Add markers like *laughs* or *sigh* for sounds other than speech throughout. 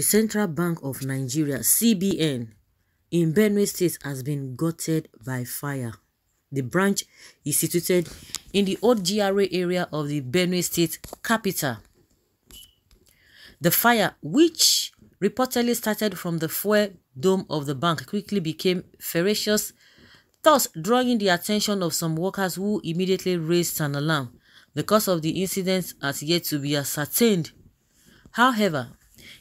The Central Bank of Nigeria (CBN) in Benue State has been gutted by fire. The branch is situated in the old GRA area of the Benue State capital. The fire, which reportedly started from the fuel dome of the bank, quickly became ferocious, thus drawing the attention of some workers who immediately raised an alarm. The cause of the incident has yet to be ascertained. However,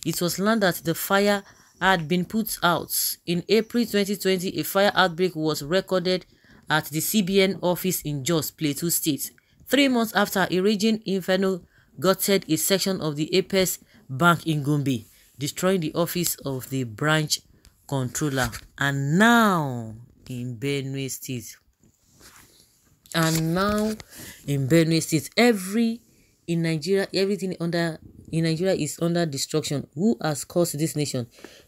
it was learned that the fire had been put out. In April 2020, a fire outbreak was recorded at the CBN office in Jos, Plateau State. Three months after, a raging inferno gutted a section of the Apex Bank in Gombe, destroying the office of the branch controller. And now, in Benue State, and now in Benue State, every in Nigeria, everything under in Nigeria is under destruction. Who has caused this nation?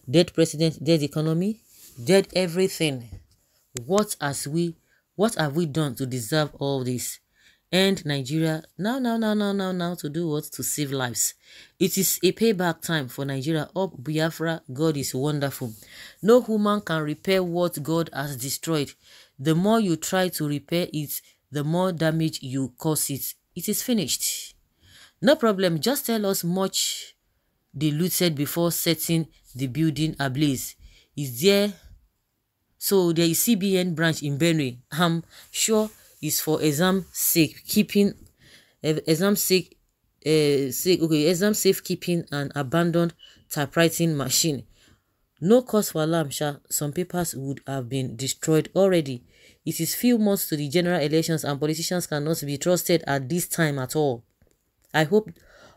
Dead president, dead economy, dead everything. What has we what have we done to deserve all this? And Nigeria now now now now now now to do what? To save lives. It is a payback time for Nigeria. Up Biafra, God is wonderful. No human can repair what God has destroyed. The more you try to repair it, the more damage you cause it. It is finished. No problem, just tell us much they looted before setting the building ablaze. Is there so there is CBN branch in Benue. I'm sure it's for exam sake keeping exam sake uh, sake okay exam safe keeping an abandoned typewriting machine. No cause for alarm, sha. Some papers would have been destroyed already. It is few months to the general elections and politicians cannot be trusted at this time at all. I hope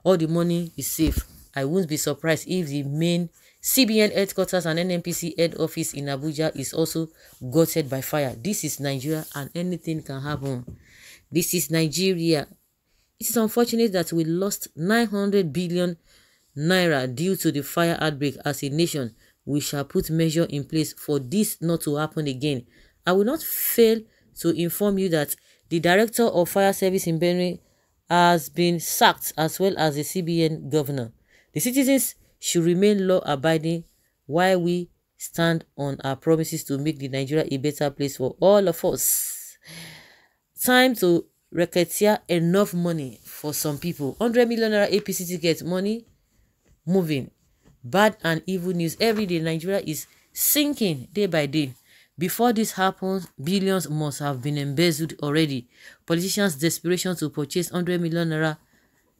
all the money is safe. I won't be surprised if the main CBN headquarters and NNPC head office in Abuja is also gutted by fire. This is Nigeria and anything can happen. This is Nigeria. It is unfortunate that we lost 900 billion naira due to the fire outbreak as a nation. We shall put measure in place for this not to happen again. I will not fail to inform you that the director of fire service in Benue has been sacked as well as the CBN governor. The citizens should remain law-abiding while we stand on our promises to make the Nigeria a better place for all of us. Time to racketeer enough money for some people. 100 million naira APC get money moving. Bad and evil news every day. Nigeria is sinking day by day. Before this happens, billions must have been embezzled already. Politicians' desperation to purchase 100 million naira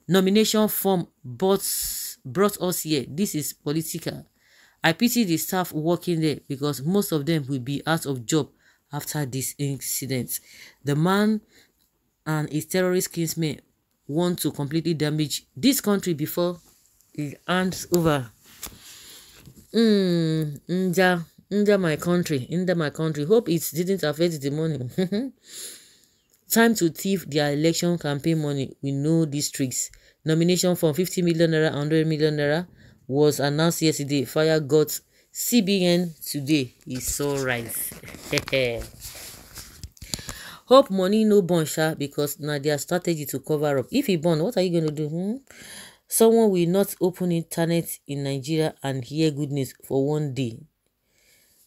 nomination form brought, brought us here. This is political. I pity the staff working there because most of them will be out of job after this incident. The man and his terrorist kinsmen want to completely damage this country before it hands over. Mm, nja. India, my country, India, my country. Hope it didn't affect the money. *laughs* Time to thief their election campaign money. We know these tricks. Nomination from fifty million naira, hundred million naira was announced yesterday. Fire got CBN today. It's all right. *laughs* Hope money no burn sha because na their strategy to cover up. If e burn, what are you going to do? Hmm? Someone will not open internet in Nigeria and hear good news for one day.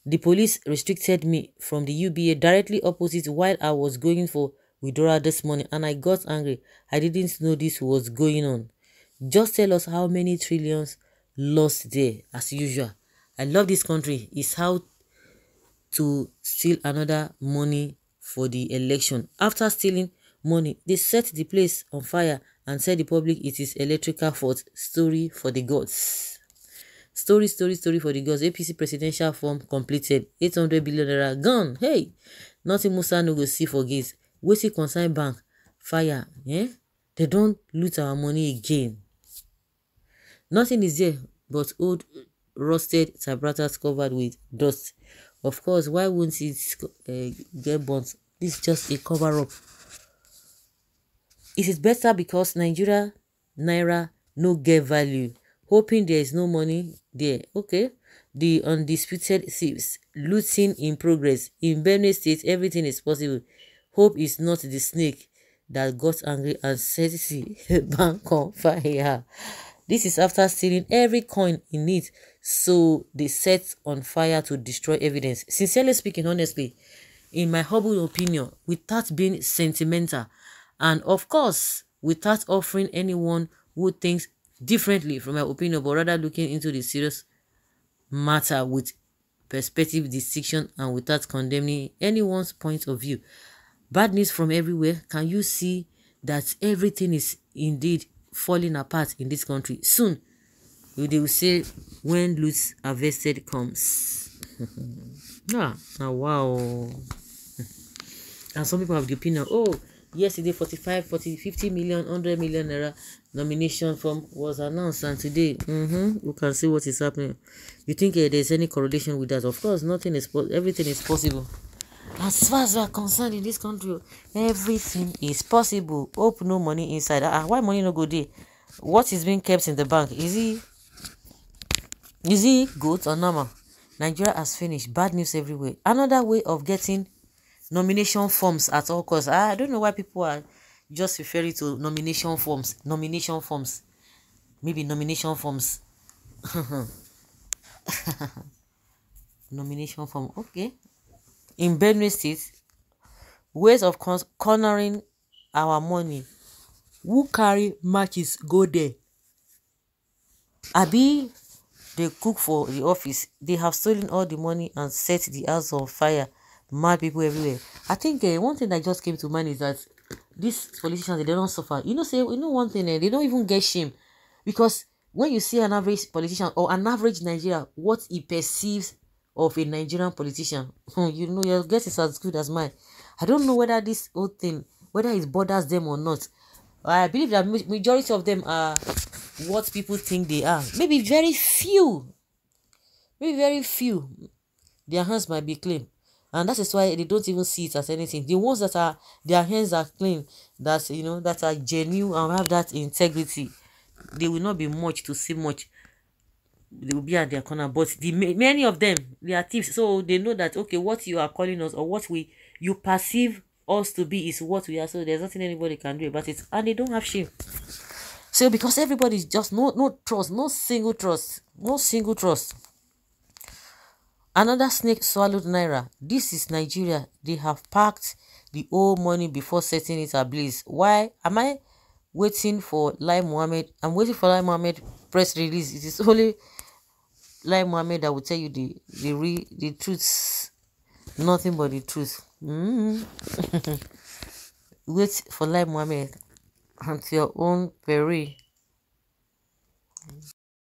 The police restricted me from the UBA directly opposite while I was going for withdrawal this morning and I got angry. I didn't know this was going on. Just tell us how many trillions lost there as usual. I love this country. It's how to steal another money for the election. After stealing money, they set the place on fire and said the public it is electrical fault. Story for the gods. Story, story, story for the girls. APC presidential form completed. 800 billion naira gone. Hey, nothing Musa no go see for gates. bank, fire. Eh? They don't loot our money again. Nothing is there but old rusted tabratas covered with dust. Of course, why won't it uh, get burnt? This is just a cover up. It is better because Nigeria Naira no get value hoping there is no money there. Okay. The undisputed thieves. Looting in progress. In Benue State, everything is possible. Hope is not the snake that got angry and set the *laughs* bank on fire. This is after stealing every coin in it, so they set on fire to destroy evidence. Sincerely speaking, honestly, in my humble opinion, without being sentimental, and of course, without offering anyone who thinks differently from my opinion, but rather looking into the serious matter with perspective, distinction, and without condemning anyone's point of view. Bad news from everywhere. Can you see that everything is indeed falling apart in this country? Soon, they will say, when loose harvested comes. *laughs* ah, now ah, wow. *laughs* and some people have the opinion, oh, yesterday 45 40 50 million 100 million naira nomination form was announced and today mm-hmm, you can see what is happening you think uh, eh, there's any correlation with that of course nothing is po- everything is possible as far as we are concerned in this country everything is possible hope no money inside ah, ah why money no go there what is being kept in the bank is Is he goat or normal nigeria has finished bad news everywhere another way of getting nomination forms at all costs. Ah, I don't know why people are just referring to nomination forms. Nomination forms. Maybe nomination forms. *laughs* nomination form. Okay. In Benue State, ways of cornering our money. Who carry matches go there? Abi, they cook for the office. They have stolen all the money and set the house on fire mad people everywhere. I think uh, one thing that just came to mind is that these politicians they don't suffer. You know, say you know one thing, uh, they don't even get shame, because when you see an average politician or an average Nigerian, what he perceives of a Nigerian politician, *laughs* you know, your guess is as good as mine. I don't know whether this whole thing, whether it bothers them or not. I believe that majority of them are what people think they are. Maybe very few. Maybe very few. Their hands might be clean and that is why they don't even see it as anything the ones that are their hands are clean that you know that are genuine and have that integrity they will not be much to see much they will be at their corner but the many of them they are thieves so they know that okay what you are calling us or what we you perceive us to be is what we are so there's nothing anybody can do about it and they don't have shame so because everybody's just no no trust no single trust no single trust Another snake swallowed Naira. This is Nigeria. They have packed the whole money before setting it ablaze. Why am I waiting for Lai Mohammed? I'm waiting for Lai Mohammed press release. It is only Lai Mohammed that will tell you the the re, the truth. Nothing but the truth. Mm. *laughs* Wait for Lai Mohammed at your own peril.